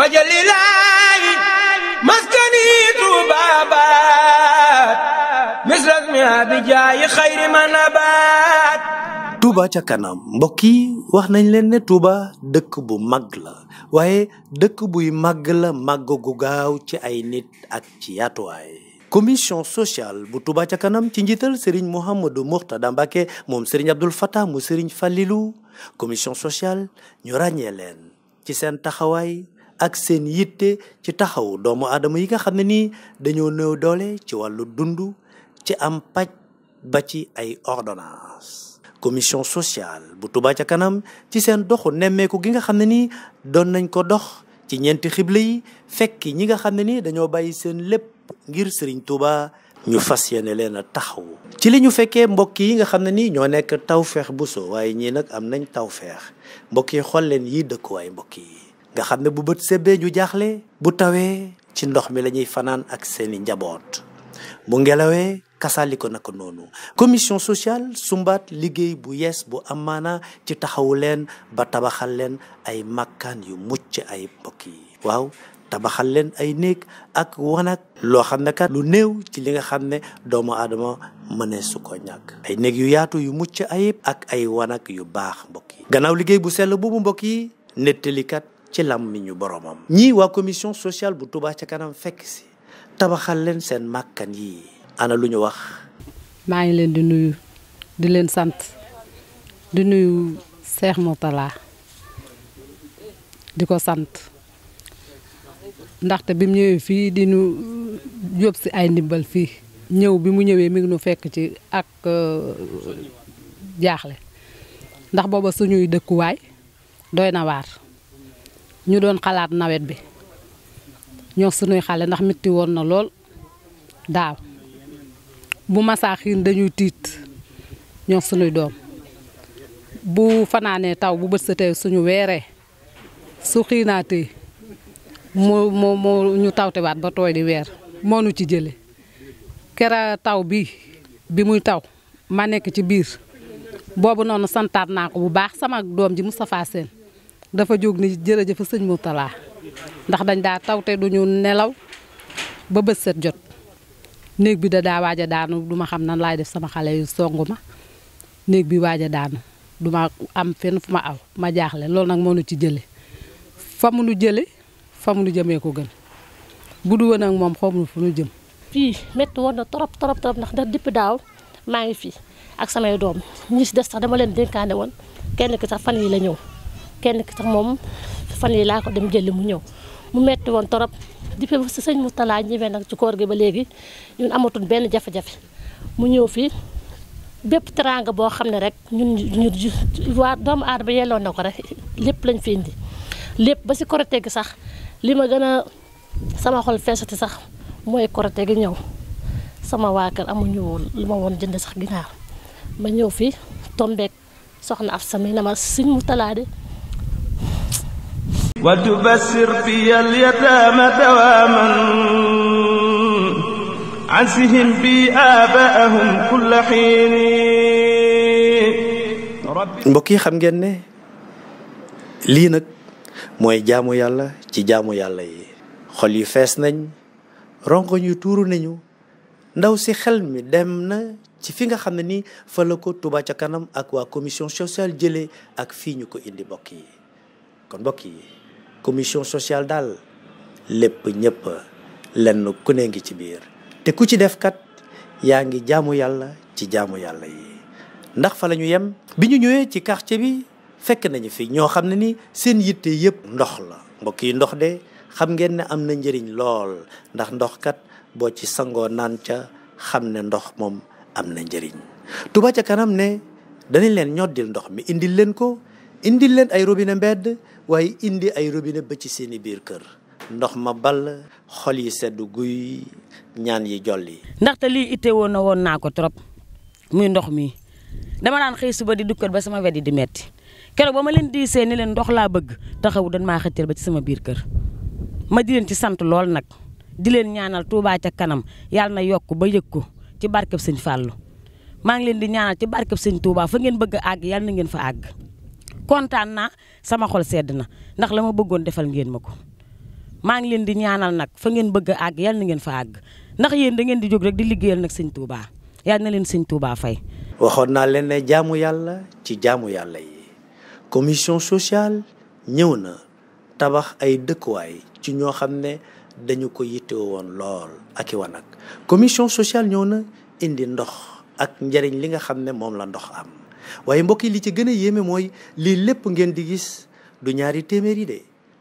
wajalilaayi maskani Tuubaa misras mi abijaayi xayri man abaat Touba ca kanam mbokk yi wax nañ leen ne Touba dëkk bu mag la waaye dëkk buy màgg la màgg gu gaaw ci ay nit ak ci yaatuwaay commission sociale bu tubaa ca kanam ci njital Serigne Mouhamadou Mourtada Mbacké moom Serigne Abdoul Fattah mu Serigne Fallilou commission sociale ñu ràññee leen ci seen taxawaay ak seen yitte ci taxawu doomu aadama yi nga xam ne nii dañoo néew doole ci wàllu dund ci am paj ba ci ay ordonnance commission sociale bu Touba ca kanam ci seen doxu nemmeeku gi nga xam ne nii doon nañ ko dox ci ñeenti xible yi fekki ñi nga xam ne nii dañoo bàyyi seen lépp ngir Serigne Touba ñu fas yéene leen a taxaw ci li ñu fekkee mbokk yi nga xam ne nii ñoo nekk tawfeex bu so waaye ñii nag am nañ tawfeex mbokk yi xool leen yii dëkkuwaay mbokk yi nga xam ne bu bët sebee ñu jaaxle bu tawee ci ndox mi lañuy fanaan ak seeni njaboot bu ngelawee kasaali ko noonu commission sociale sumbaat liggéey bu yees bu am ci taxawu leen ba tabaxal leen ay makkaan yu mucc ay mbokk waaw tabaxal leen ay néeg ak wanag loo xam ne kat lu néew ci li nga xam ne doomu aadama mënee su ko ñàkk ay néeg yu yaatu yu mucc ayib ak ay wanag yu baax mbokk yi gannaaw liggéey bu sell bu mbokk yi nettalikat ci làmmiñu boromam ñii waa commission sociale bu Touba ca kanam fekk si tabaxal leen seen màkkan yi ana lu ñu wax maa ngi leen di nuyu di leen sant di nuyu Cheikh Moutala di ko sant ndaxte bi mu ñëwee fii di nu yóbbu si ay ndimbal fii ñëw bi mu ñëwee mi nu fekk ci ak euh, jaaxle ndax booba suñuy dëkkuwaay doy na waar ñu doon xalaat nawet bi ñoo sunuy xale ndax metti woon na lool daaw bu masaa xiin dañuy tiit ñoo sunuy doom bu fanaanee taw bu bët setee suñu weeree su xiinaatee moo moo moo ñu tawtewaat ba tooy di weer moo nu ci jële kera taw bi bi muy taw ma nekk ci biir boobu noonu santaat naa ko bu baax sama doom ji mu safaa seen dafa jóg ni jërëjëf sëñ moo talaa ndax dañ daa taw te duñu nelaw ba bët set jot néeg bi da daa waaj a daanu duma xam nan laay def sama xale yu songu ma néeg bi waaj a daanu duma am fenn fu ma aw ma jaaxle loolu nag moom nu ci jële fa mu nu jële fa mu nu jëmee ko gën bu du woon ak moom xawma fu nu jëm fii métti woon na torop trop trop ndax ndax depuis daaw maa ngi fii ak samay doom ñi si des sax dama leen dénkaane woon kenn ki sax fan yi la ñëw kenn ki sax moom fan yi laa ko dem jëli mu ñëw mu metti woon torop depuis si sëñ Moustapha ñëwee nag ci koor gi ba léegi ñun amatul benn jafe-jafe mu ñëw fii bépp teraanga boo xam ne rek ñun ñu waa doomu aadama yelloon na ko rek lépp lañ fi indi lépp ba si korite gi sax li ma gën a sama xol feesati sax mooy korite gi ñëw sama waa amuñu woon lu ma woon jënd sax ginaar ma ñëw fii tombeek soxna af sama na ma sëñ Moustapha de وتبسر في اليتامى دواما عسهم بي آباءهم كل حين mbokk yi xam ngeen ne lii nag mooy jaamu yàlla ci jaamu yàlla yi xol yi fees nañ rongoñ yu tuuru nañu ndaw si xel mi dem na ci fi nga xam ne ni fa la ko Touba ca kanam ak waa commission sociale jëlee ak fii ñu ko indi mbokk yi kon mbokk yi commission sociale daal lépp ñëpp lenn ku ne ngi ci biir te ku ci def kat yaa ngi jaamu yàlla ci jaamu yàlla yi ndax fa la ñu yem bi ñu ñëwee ci quartier bi fekk nañu fi ñoo xam ne ni seen yitte yëpp ndox la mbokk ndox de xam ngeen ne am na njëriñ lool ndax ndox kat boo ci sangoo naan ca xam ne ndox moom am na njëriñ Touba ca kanam ne danañ leen ñoddil ndox mi indil leen ko indil leen ay robine mbedd waaye indi ay robine ba ci seeni biir kër ndox ma ball xol yi sedd guy ñaan yi jolli. ndaxte lii itte woon na woon naa ko trop muy ndox mi dama daan xëy suba di dukkat ba sama wet yi di metti keroog ba ma leen di ni leen ndox laa bëgg taxawu dañ maa xëccël ba ci sama biir kër ma di leen ci sant lool nag di leen ñaanal Tuubaa ca kanam yàlla na yokk ba yëg ko ci barkeb sëñ Fàllu maa ngi leen di ñaanal ci barkeb sëñ Tuubaa fa ngeen bëgg a àgg yàlla ngeen fa àgg. kontaan naa sama xol sedd na ndax la ma bëggoon defal ngeen ma ko maa ngi leen di ñaanal nag fa ngeen bëgg a àgg yal na ngeen fa àgg ndax yéen da ngeen di jóg rek di liggéeyal nag sëñ Touba yal na leen sëñ Touba fay. waxoon naa leen ne jaamu yàlla ci jaamu yàlla yi commission sociale ñëw na tabax ay dëkkuwaay ci ñoo xam ne dañu ko yitte woon lool ak i wanag commission sociale ñëw na indi ndox ak njëriñ li nga xam ne moom la ndox am. waaye mbokk yi li ci gën a yéeme mooy lii lépp ngeen di gis du ñaari téeméeri de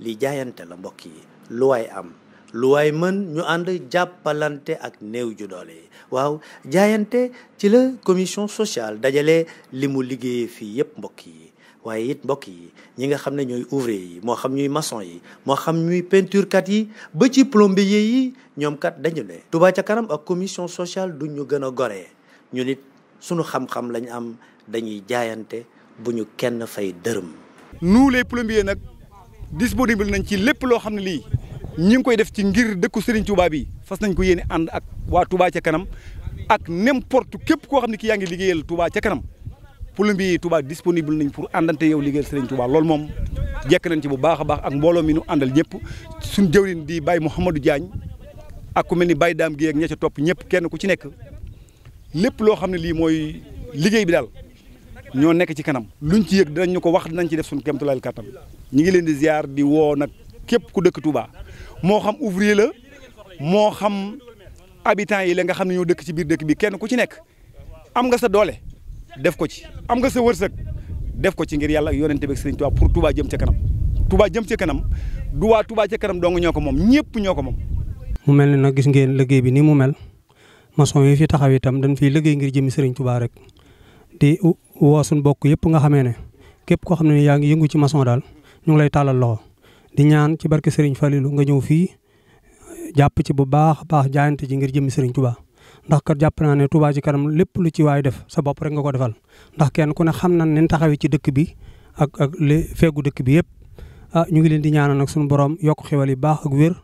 li jaayante la mbokk yi lu waaye am lu waay mën ñu ànd jàppalante ak néew ju doole yi waaw jaayante ci la commission sociale dajale li mu liggéeye fii yépp mbokk yi waaye it mbokk yi ñi nga xam ne ñooy ouvrier yi moo xam ñuy maçon yi moo xam ñuy kat yi ba ci plombier yi ñoom kat dañu ne Touba ca kanam ak commission sociale duñ ñu gën a goree ñu nit sunu xam-xam lañ am dañuy jaayante bu ñu kenn fay dërëm. nous les plombiers nag disponible nañ ci lépp loo xam ne lii ñi ngi koy def ci ngir dëkku Serigne Touba bi fas nañ ko yéene ànd ak waa Touba ca kanam ak n'importe képp koo xam ne ki yaa ngi liggéeyal Touba ca kanam plombier yi Touba disponible nañ pour àndante yow liggéeyal Serigne Touba loolu moom jekk nañ ci bu baax a baax ak mbooloo mi nu àndal ñëpp suñ jëwriñ di Baye Mouhamadou jaañ ak ku mel ni Baye Dame Guèye ak ca topp ñëpp kenn ku ci nekk lépp loo xam ne lii mooy liggéey bi daal. ñoo nekk ci kanam luñ ci yëg dinañ ko wax dinañ ci def suñu kéemtulaayal kàttan ñu ngi leen di ziar di woo nag képp ku dëkk tubaa moo xam ouvrier la moo xam habitants yi la nga xam ne ñoo dëkk ci biir dëkk bi kenn ku ci nekk am nga sa doole def ko ci am nga sa wërsëg def ko ci ngir yàlla ak yonente bi Sëriñ Touba pour tubaa jëm ca kanam Touba jëm ca kanam du tubaa Touba ca kanam dong ñoo ko moom ñëpp ñoo ko moom. mu mel ne na gis ngeen liggéey bi ni mu mel maçon yi fi taxaw itam dañ fiy liggéey ngir jëmi Sëriñ Touba rek. di woo suñu bokk yëpp nga xamee ne képp koo xam ne yaa ngi yëngu ci maçon daal ñu ngi lay tàllal loxo di ñaan ci barke Serigne Falilou nga ñëw fii jàpp ci bu baax baax jaayante ci ngir jëmmi Serigne Touba ndax kat jàpp naa ne Touba ci kanam lépp lu ci waay def sa bopp rek nga ko defal ndax kenn ku ne xam na ne taxawee ci dëkk bi ak ak li feggu dëkk bi yëpp ah ñu ngi leen di ñaanal nag suñu borom yokk xewal yi baax ak wér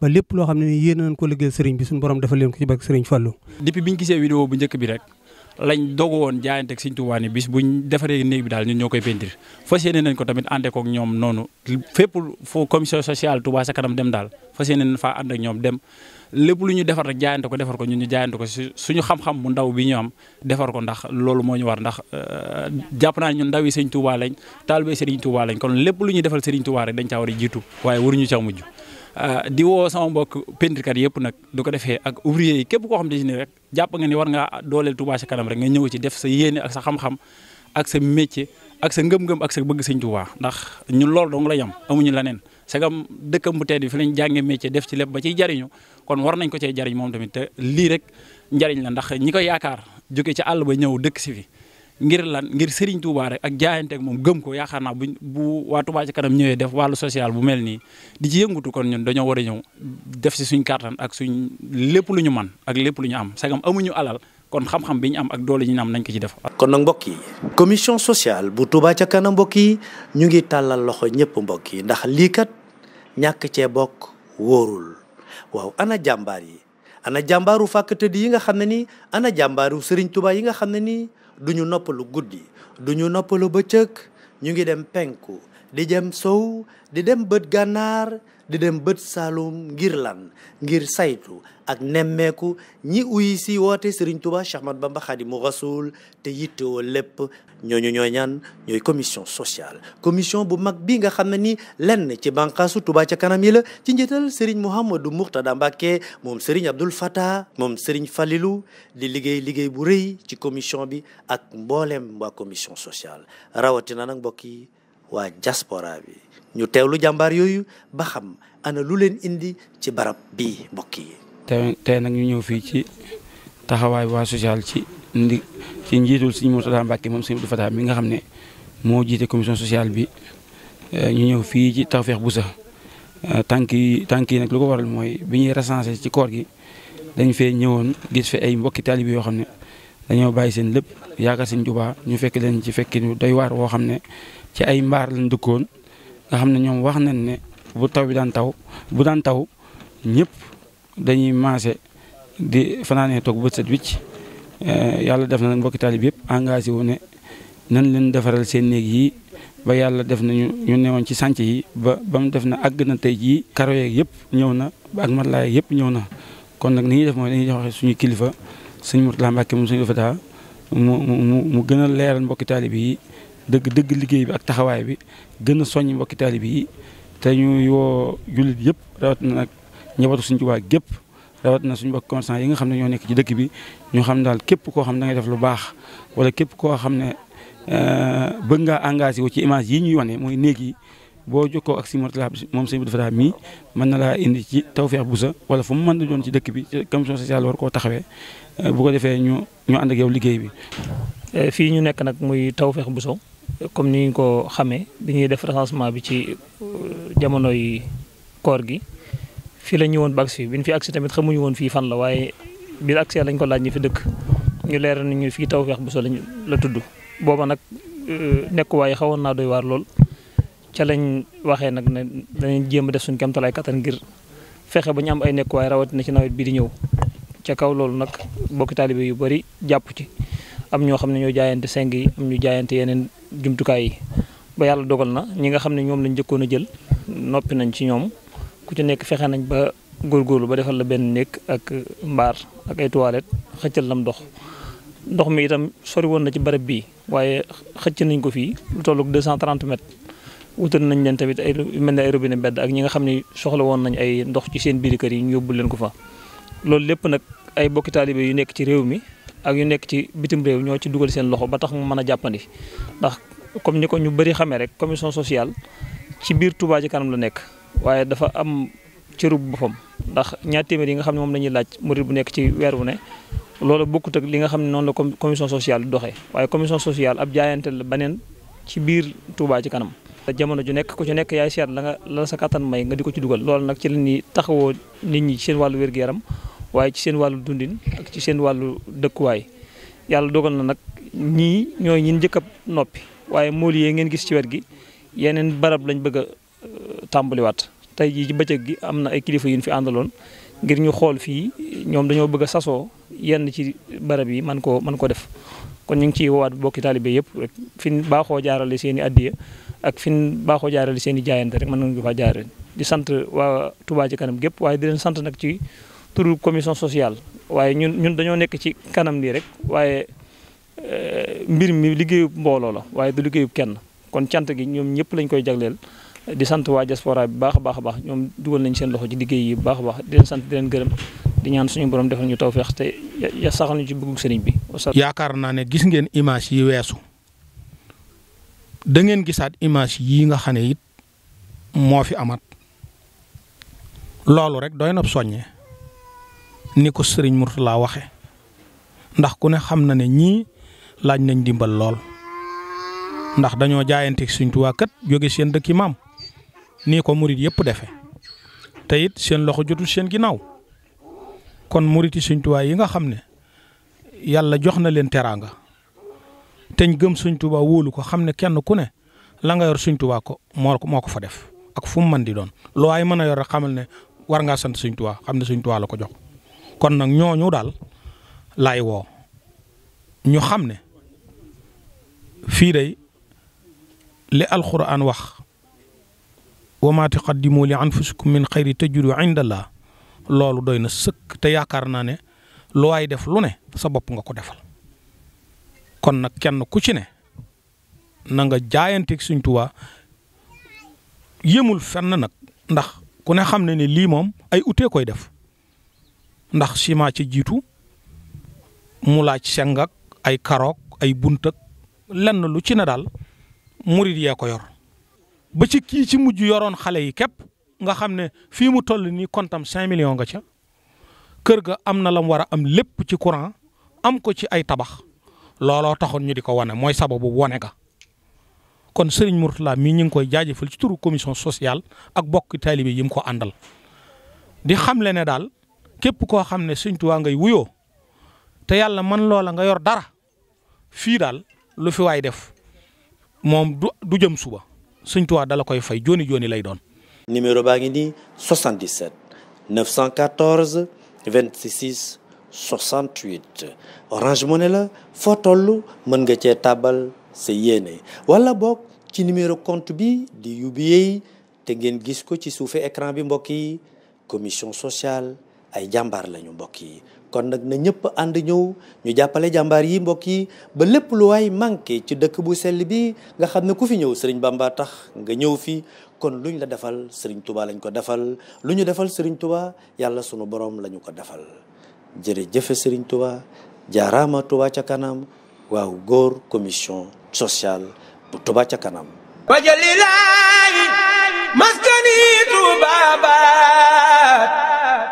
ba lépp loo xam ne yéen nañ ko liggéeyal Serigne bi suñu borom defal leen ko bu njëkk bi rek lañ dogu woon jaayante ak Sëriñ Tuubaa ni bis buñ defaree néeg bi daal ñun ñoo koy peinture fas yéene nañ ko tamit àndee kook ñoom noonu fépp foo commission sociale Touba sa kanam dem daal fas yéene nañ faa ànd ak ñoom dem lépp lu ñu defar rek jaayante ko defar ko ñun ñu jaayante ko suñu xam-xam bu ndaw bi ñu am defar ko ndax loolu moo ñu war ndax euh, jàpp naa ñu ñun ndaw yi Sëriñ Tuubaa lañ taalibe Sëriñ Tuubaa lañ kon lépp lu ñuy defal Sëriñ Tuubaa rek war a jiitu waaye waruñu caa mujj Ah, di woo sama mbokk pentrikat yëpp nag du ko defee ak ouvrier yi képp koo xam ne si ne rek jàpp nga ni war nga dooleel Touba ca kanam rek nga ñëw ci def sa yéene ak sa xam-xam ak sa métier ak sa ngëm-ngëm ak sa bëgg sëñ Touba ndax ñun loolu dong la yam amuñu leneen sa dëkkam bu tedd bi fi lañ jàngee métier def ci leb ba ciy jariñu kon war nañ ko cee jariñ moom tamit te lii rek njariñ la ndax ñi koy yaakaar jóge ci àll ba ñëw dëkk si fi ngir lan ngir Serigne Touba rek ak jaayanteeg moom gëm ko yaakaar naa bu bu waa Touba ci kanam ñëwee def wàllu social bu mel nii di ci yëngutu kon ñun dañoo war a ñëw def si suñ kàttan ak suñ lépp lu ñu man ak lépp lu ñu am sagam amuñu alal kon xam-xam bi ñu am ak doole ñu am nañ ko ci def. kon nag mbokk yi commission sociale bu tubaa ca kanam mbokk yi ñu ngi tàllal loxo ñëpp mbokk yi ndax lii kat ñàkk cee bokk wóorul waaw ana jàmbaar yi ana jàmbaaru fàkk tëdd yi nga xam ne nii du ñu noppalu guddi du ñu noppalu bëccëg ñu ngi dem penku di jëm sow di dem bët gànnaar di dem bët saalum ngir lan ngir saytu ak nemmeeku ñi uyi si woote Serigne Touba Cheikh Ahmadou Bamba Khadimou Rassoul te yittewoo lépp ñooñu ñoo ñaan ñooy commission sociale commission bu mag bii nga xam ne ni lenn ci bànqaasu Touba ci kanam yi la ci njëtal Serigne Mouhamadou Mourtada Mbacké moom Serigne Abdoul Fattah moom Serigne Falilou di liggéey liggéey bu rëy ci commission bi ak mboolem waa commission sociale rawatina nag mbokk yi waa diaspora bi ñu lu jàmbaar yooyu ba xam ana lu leen indi ci barab bii mbokk yi. te tey nag ñu ñëw fii ci taxawaay waa social ci ndi ci njiitul Sëriñ Mourtada Mbacke moom Sëriñ Abdou Fatah mi nga xam ne moo jiite commission sociale bi eh, ñu ñëw fii ci Tawfekh Boussa eh, tànk yi tànk yi nag lu mooy bi ñuy recensé ci koor gi dañ fee ñëwoon gis fi ay mbokki taalibe yoo xam ne dañoo bàyyi seen lépp yaakaar seen jubaa ñu fekk leen ci fekkin doy waar woo xam ne. ci ay mbaar lañ dëkkoon nga xam ne ñoom wax nañ ne bu taw bi daan taw bu daan taw ñëpp dañuy maase di fanaanee toog bët set wicc eh, yàlla def na nag mbokki taalib yëpp engagé wu ne nañ leen defaral seen néeg yi ba yàlla def na ñu newoon ci sànc yi ba ba mu def na àgg na tey jii karo yeeg yëpp ñëw na ak matlaay yëpp ñëw na kon nag ni ñuy def mooy dañuy joxe suñu kilifa sëñ Mourtala suñu dafa mu mu mu leeral mbokki taalib yi dëgg dëgg liggéey bi ak taxawaay bi gën a soññ mbokki taalib yi te ñuy woo jullit yëpp rawat na nag ñëwatu suñu Tuubaa gépp rawat na suñu mbokk constant yi nga xam ne ñoo nekk ci dëkk bi ñu xam daal képp koo xam ne da def lu baax wala képp koo xam ne euh, bëgg nga engagé wu ci image yi ñu wane mooy néeg yi boo jokkoo ak si Mourtala moom sëñ bi mii mën na laa indi ci Tawfekh Bousso wala fu mu mën na doon ci dëkk bi ci commission sociale war koo taxawee euh, bu ko defee ñu ñu ànd ak yow liggéey bi. Euh, fii ñu nekk nag muy Tawfekh Bousso comme ni ñu ko xamee bi ñuy def recensement bi ci euh, jamono yi koor gi fii la ñu woon ba agsi bi ñu fi agsi tamit xamuñu woon fii fan la waaye biir agsi lañ ko laaj ñi fi dëkk ñu leer na ñu fii Tawfekh Bousso lañ la tudd booba nag euh, nekkuwaay xawoon naa doy waar lool ca lañ waxee nag ne danañ jéem a def suñ kemtalaay kattan ngir fexe ba ñu am ay nekkuwaay rawatina ci nawet bi di ñëw ca kaw loolu nag bokki taalibe yu bari jàpp ci am ñoo xam ne ñoo jaayante seng yi am ñu jaayante yeneen jumtukaay yi ba yàlla dogal na ñi nga xam ne ñoom lañ njëkkoon a jël noppi nañ ci ñoom ku ci nekk fexe nañ ba góor góorlu ba defal la benn néeg ak mbaar ak ay toilettes xëccal lam ndox ndox mi itam sori woon na ci barab bii waaye xëcc nañ ko fii lu toll ak 230 mètres wutal nañ leen tamit ay mel ne ay robinet bedd ak ñi nga xam ne soxla woon nañ ay ndox ci seen biir kër yi ñu yóbbu leen ko fa loolu lépp nag ay bokki taalibe yu nekk ci réew mi ak yu nekk ci bitim réew ñoo ci dugal seen loxo ba tax mu mën a jàppandi ndax comme ni ko ñu bëri xamee rek commission sociale ci biir Touba Ca Kanam la nekk waaye dafa am cërub boppam ndax ñaar téeméer yi nga xam ne moom la ñuy laaj murid bu nekk ci weer wu ne loolu bokkut ak li nga xam ne noonu la commission sociale di doxee waaye commission sociale ab jaayante la beneen ci biir Touba Ca Kanam jamono ju nekk ku ci nekk yaay seet la nga la sa kattan may nga di ko ci dugal loolu nag ci la ñuy taxawoo nit ñi seen wàllu wér-gu-yaram waaye ci seen wàllu dundin ak ci seen wàllu dëkkuwaay yàlla dogal na nag ñii ñooy ñin njëkk a noppi waaye mool yee ngeen gis ci wet gi yeneen barab lañ bëgg a euh, tàmbaliwaat tey jii ci bëccëg gi am na ay kilifa yu fi àndaloon ngir ñu xool fii ñoom dañoo bëgg sasoo yenn ci barab yi man koo man ko def kon ñu ngi ciy woowaat bokki taalibe yëpp fi ñu baaxoo jaarale seen i addiya ak fi ñu baaxoo jaarale seen i jaayante rek mën na ko faa jaare di sant waa Touba ci kanam gépp waaye di leen sant nag ci turu commission sociale waaye ñun ñun dañoo nekk ci kanam nii rek waaye eh, mbir mi liggéeyub mbooloo la waaye du liggéeyub kenn kon cant gi ñoom ñëpp lañ koy jagleel di sant waa diaspora bi baax a baax a baax ñoom dugal nañ seen loxo ci liggéey yi baax baax di sant di leen gërëm di ñaan suñu borom defal ñu tawfeex te ya saxal ñu ci bëggug sëriñ bi. yaakaar naa ne gis ngeen image yi weesu da gisaat image yii nga xam ne it moo fi amat loolu rek doy ni ko sëriñ Mourtala waxe ndax ku ne xam na ne ñii laaj nañ dimbal lool ndax dañoo jaayante Sëriñ Tuubaa jóge seen dëkki maam nii ko murit yëpp defe te seen loxo jotul seen ginnaaw kon muriti Sëriñ Tuubaa yi nga xam ne yàlla jox na leen teraanga teñ gëm Sëriñ Tuubaa wóolu ko xam ne kenn ku ne la nga yor Sëriñ ko moo moo ko fa def ak fu mu mën di doon loo ay mën a yor rek xamal ne war ngaa sant Sëriñ xam ne Sëriñ Tuubaa la ko jox kon nag ñooñu daal laay woo ñu xam ne fii day li alquran wax wa maa tuqaddimu li anfusikum min xayri tajidu inda allah loolu doy na sëkk te yaakaar naa ne lu def lu ne sa bopp nga ko defal kon nag kenn ku ci ne na nga jaayanteeg Sëñ Tuubaa yëmul fenn nag ndax ku ne xam ne ne lii moom ay ute koy def ndax ciment ci jiitu mu laaj seng ak ay karoog ay bunt ak lu ci ne daal murit yee ko yor ba ci kii ci mujj yoroon xale yi képp nga xam ne fii mu toll nii kontam 5 million nga ca kër ga am na la lam war a am lépp ci courant am ko ci ay tabax looloo taxoon ñu di ko wane mooy sababu wane ga kon Serigne Mourtala mii ñu ngi koy jaajëfal ci turu commission sociale ak bokk taalibe yi mu ko àndal di xamle ne daal képp koo xam ne Sëñ Tuubaa ngay wuyo te yàlla man loola nga yor dara fii daal lu fi waay def moom du du jëm suba Sëñ Tuubaa dala koy fay jooni jooni lay doon. numéro baa ngi nii 77 914 26 68 Orange Money la foo toll mën nga cee taabal sa yéene wala boog ci numéro compte bi di UBA te ngeen gis ko ci suufe écran bi mbokk yi commission sociale. ay jàmbaar lañu mbokk yi kon nag na ñëpp ànd ñëw ñu jàppale jàmbaar yi mbokk yi ba lépp lu waay manqué ci dëkk bu sell bi nga xam ne ku fi ñëw sëriñ Bamba tax nga ñëw fi kon lu ñu la defal sëriñ tubaa lañ ko defal lu ñu defal sëriñ Touba yàlla sunu borom lañu ko defal jërëjëf Serigne Touba jaaraama Touba ca kanam waaw góor commission sociale bu Touba ca kanam. wajalilaayi maskani Touba